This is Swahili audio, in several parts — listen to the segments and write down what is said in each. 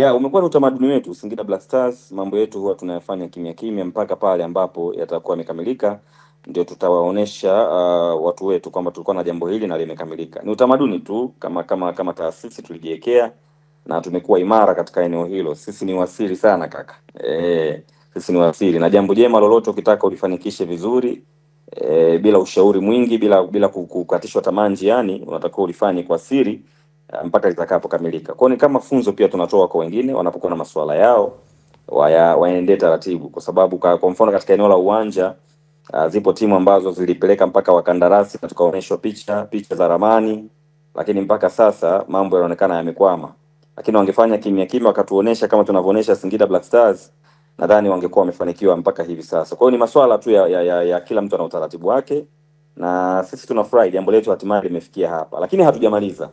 yeah, umekuwa ni utamaduni wetu Singida Black Stars. Mambo yetu huwa tunayafanya kimya kimya mpaka pale ambapo yatakuwa yamekamilika, ndio tutawaonesha uh, watu wetu kwamba tulikuwa na jambo hili na limekamilika. Ni utamaduni tu kama kama kama taasisi tulijiwekea na tumekuwa imara katika eneo hilo. Sisi ni wasiri sana kaka e, sisi ni wasiri na jambo jema lolote ukitaka ulifanikishe vizuri e, bila ushauri mwingi, bila bila kukatishwa tamaa njiani, unatakiwa ulifanye kwa siri. Uh, mpaka litakapokamilika. kwao ni kama funzo pia tunatoa kwa wengine wanapokuwa na masuala yao waya, waende taratibu, kwa sababu kwa mfano katika eneo la uwanja uh, zipo timu ambazo zilipeleka mpaka wakandarasi na tukaonyeshwa picha picha za ramani, lakini mpaka sasa mambo yanaonekana yamekwama, lakini wangefanya kimya kimya wakatuonesha kama tunavyoonyesha Singida Black Stars, nadhani wangekuwa wamefanikiwa mpaka hivi sasa. Kwa hiyo ni masuala tu ya, ya, ya, ya kila mtu ana utaratibu wake, na sisi tunafurahi jambo letu hatimaye limefikia hapa, lakini hatujamaliza.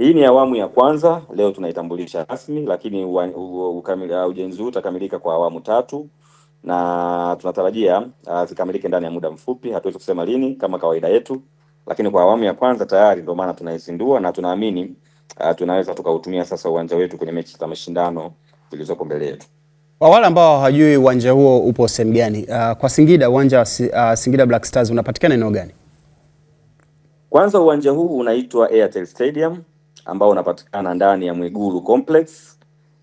Hii ni awamu ya kwanza, leo tunaitambulisha rasmi, lakini ujenzi huu utakamilika kwa awamu tatu na tunatarajia uh, zikamilike ndani ya muda mfupi. Hatuwezi kusema lini kama kawaida yetu, lakini kwa awamu ya kwanza tayari, ndio maana tunaizindua na tunaamini uh, tunaweza tukautumia sasa uwanja wetu kwenye mechi za mashindano zilizoko mbele yetu. Kwa wale ambao hawajui uwanja huo upo sehemu gani, uh, kwa Singida uwanja wa uh, Singida Black Stars unapatikana eneo gani? Kwanza uwanja huu unaitwa Airtel Stadium ambao unapatikana ndani ya Mwigulu Complex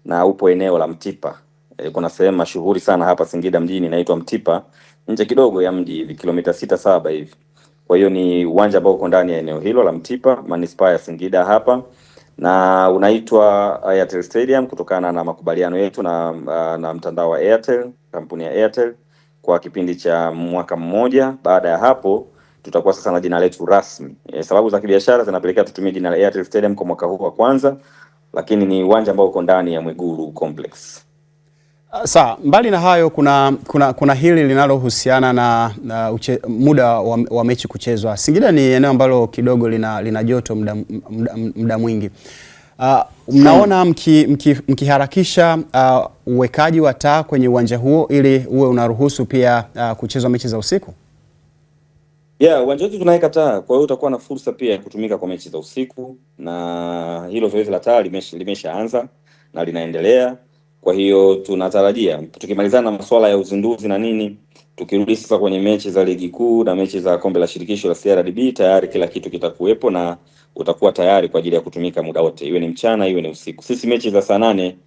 na upo eneo la Mtipa. E, kuna sehemu mashuhuri sana hapa Singida mjini inaitwa Mtipa, nje kidogo ya mji hivi kilomita sita saba hivi. Kwa hiyo ni uwanja ambao uko ndani ya eneo hilo la Mtipa, manispaa ya Singida hapa, na unaitwa Airtel Stadium kutokana na makubaliano yetu na, na mtandao wa Airtel, kampuni ya Airtel kwa kipindi cha mwaka mmoja. Baada ya hapo tutakuwa sasa na jina letu rasmi. E, sababu za kibiashara zinapelekea tutumie jina la Airtel Stadium kwa mwaka huu wa kwanza, lakini ni uwanja ambao uko ndani ya mweguru Complex. Ah, Sawa, mbali na hayo kuna, kuna, kuna hili linalohusiana na, na uche, muda wa, wa mechi kuchezwa. Singida ni eneo ambalo kidogo lina, lina joto muda, muda, muda mwingi uh, mnaona mkiharakisha hmm. mki, mki ah, uwekaji uh, wa taa kwenye uwanja huo ili uwe unaruhusu pia uh, kuchezwa mechi za usiku? Yeah, uwanja wetu tunaweka taa, kwa hiyo utakuwa na fursa pia ya kutumika kwa mechi za usiku, na hilo zoezi la taa limeshaanza na linaendelea. Kwa hiyo tunatarajia tukimalizana na masuala ya uzinduzi na nini, tukirudi sasa kwenye mechi za ligi kuu na mechi za kombe la shirikisho la CRDB, tayari kila kitu kitakuwepo na utakuwa tayari kwa ajili ya kutumika muda wote, iwe ni mchana, iwe ni usiku. Sisi mechi za saa nane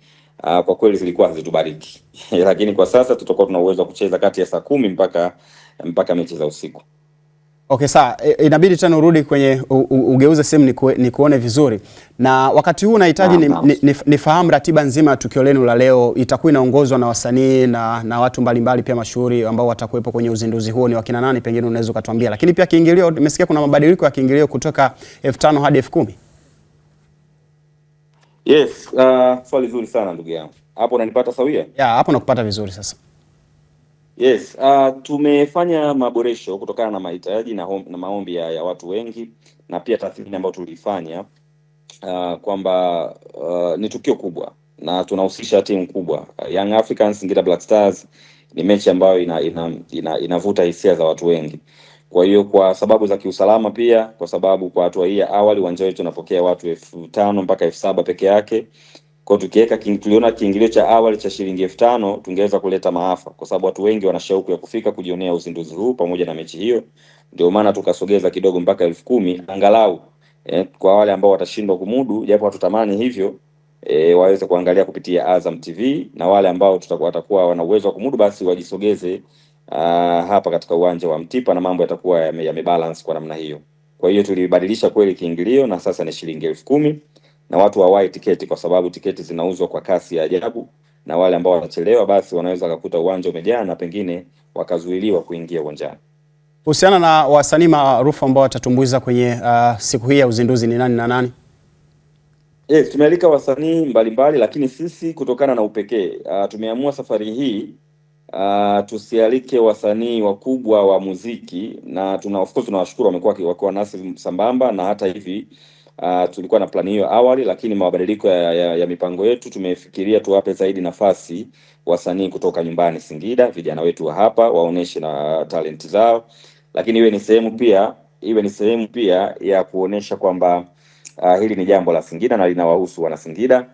uh, kwa kweli zilikuwa hazitubariki lakini kwa sasa tutakuwa tuna uwezo wa kucheza kati ya saa kumi mpaka mpaka mechi za usiku. Okay, sawa. Inabidi tena urudi kwenye u, u, ugeuze simu ni, ku, ni kuone vizuri. Na wakati huu nahitaji ni, ni, ni ratiba nzima ya tukio lenu la leo itakuwa inaongozwa na wasanii na, na watu mbalimbali pia mashuhuri ambao watakuwepo kwenye uzinduzi huo ni wakina nani, pengine unaweza ukatuambia. Lakini pia kiingilio, nimesikia kuna mabadiliko ya kiingilio kutoka elfu tano hadi elfu kumi. Yes, uh, swali zuri sana ndugu yangu. Hapo unanipata sawia? Ya, hapo nakupata vizuri sasa. Yes, uh, tumefanya maboresho kutokana na mahitaji na, na maombi ya, ya watu wengi na pia tathmini ambayo tulifanya uh, kwamba uh, ni tukio kubwa na tunahusisha timu kubwa uh, Young Africans Singida Black Stars ni mechi ambayo inavuta ina, ina, ina hisia za watu wengi. Kwa hiyo kwa sababu za kiusalama pia, kwa sababu kwa hatua hii ya awali uwanja wetu unapokea watu elfu tano mpaka elfu saba peke yake. Kwa tukiweka tuliona kiingilio cha awali cha shilingi elfu tano tungeweza kuleta maafa, kwa sababu watu wengi wana shauku ya kufika kujionea uzinduzi huu pamoja na mechi hiyo. Ndio maana tukasogeza kidogo mpaka elfu kumi angalau eh, kwa wale ambao watashindwa kumudu, japo hatutamani hivyo eh, waweze kuangalia kupitia Azam TV na wale ambao tutakuwa watakuwa wana uwezo wa kumudu, basi wajisogeze uh, hapa katika uwanja wa Mtipa na mambo yatakuwa yamebalance yame kwa namna hiyo. Kwa hiyo tulibadilisha kweli kiingilio na sasa ni shilingi elfu kumi na watu wawai tiketi, kwa sababu tiketi zinauzwa kwa kasi ya ajabu, na wale ambao wanachelewa basi wanaweza wakakuta uwanja umejaa na pengine wakazuiliwa kuingia uwanjani. Kuhusiana na wasanii maarufu ambao watatumbuiza kwenye uh, siku hii ya uzinduzi ni nani na nani? Yes, tumealika wasanii mbalimbali, lakini sisi kutokana na upekee uh, tumeamua safari hii uh, tusialike wasanii wakubwa wa muziki, na tuna of course tunawashukuru wamekuwa wakiwa nasi sambamba na hata hivi Uh, tulikuwa na plani hiyo awali, lakini mabadiliko ya, ya, ya mipango yetu tumefikiria tuwape zaidi nafasi wasanii kutoka nyumbani Singida, vijana wetu wa hapa waoneshe na talenti zao, lakini iwe ni sehemu pia iwe ni sehemu pia ya kuonesha kwamba uh, hili ni jambo la Singida na linawahusu wana Singida.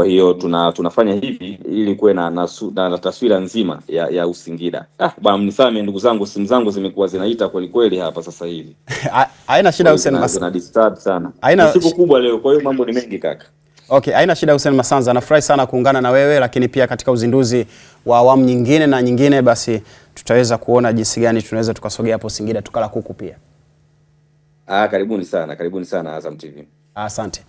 Kwa hiyo tuna, tunafanya hivi ili kuwe na, na, na, na taswira nzima ya, ya Usingida. Ah, bwana mnisame ndugu zangu, simu zangu zimekuwa zinaita kweli kweli hapa sasa hivi. Haina shida Hussein Masanza. disturb sana. aina... siku kubwa leo, kwa hiyo mambo ni mengi kaka. Okay, haina shida Hussein Masanza. Nafurahi sana kuungana na wewe lakini pia katika uzinduzi wa awamu nyingine na nyingine basi tutaweza kuona jinsi gani tunaweza tukasogea hapo Singida tukala kuku pia. Ah, karibuni sana, karibuni sana Azam TV. Asante.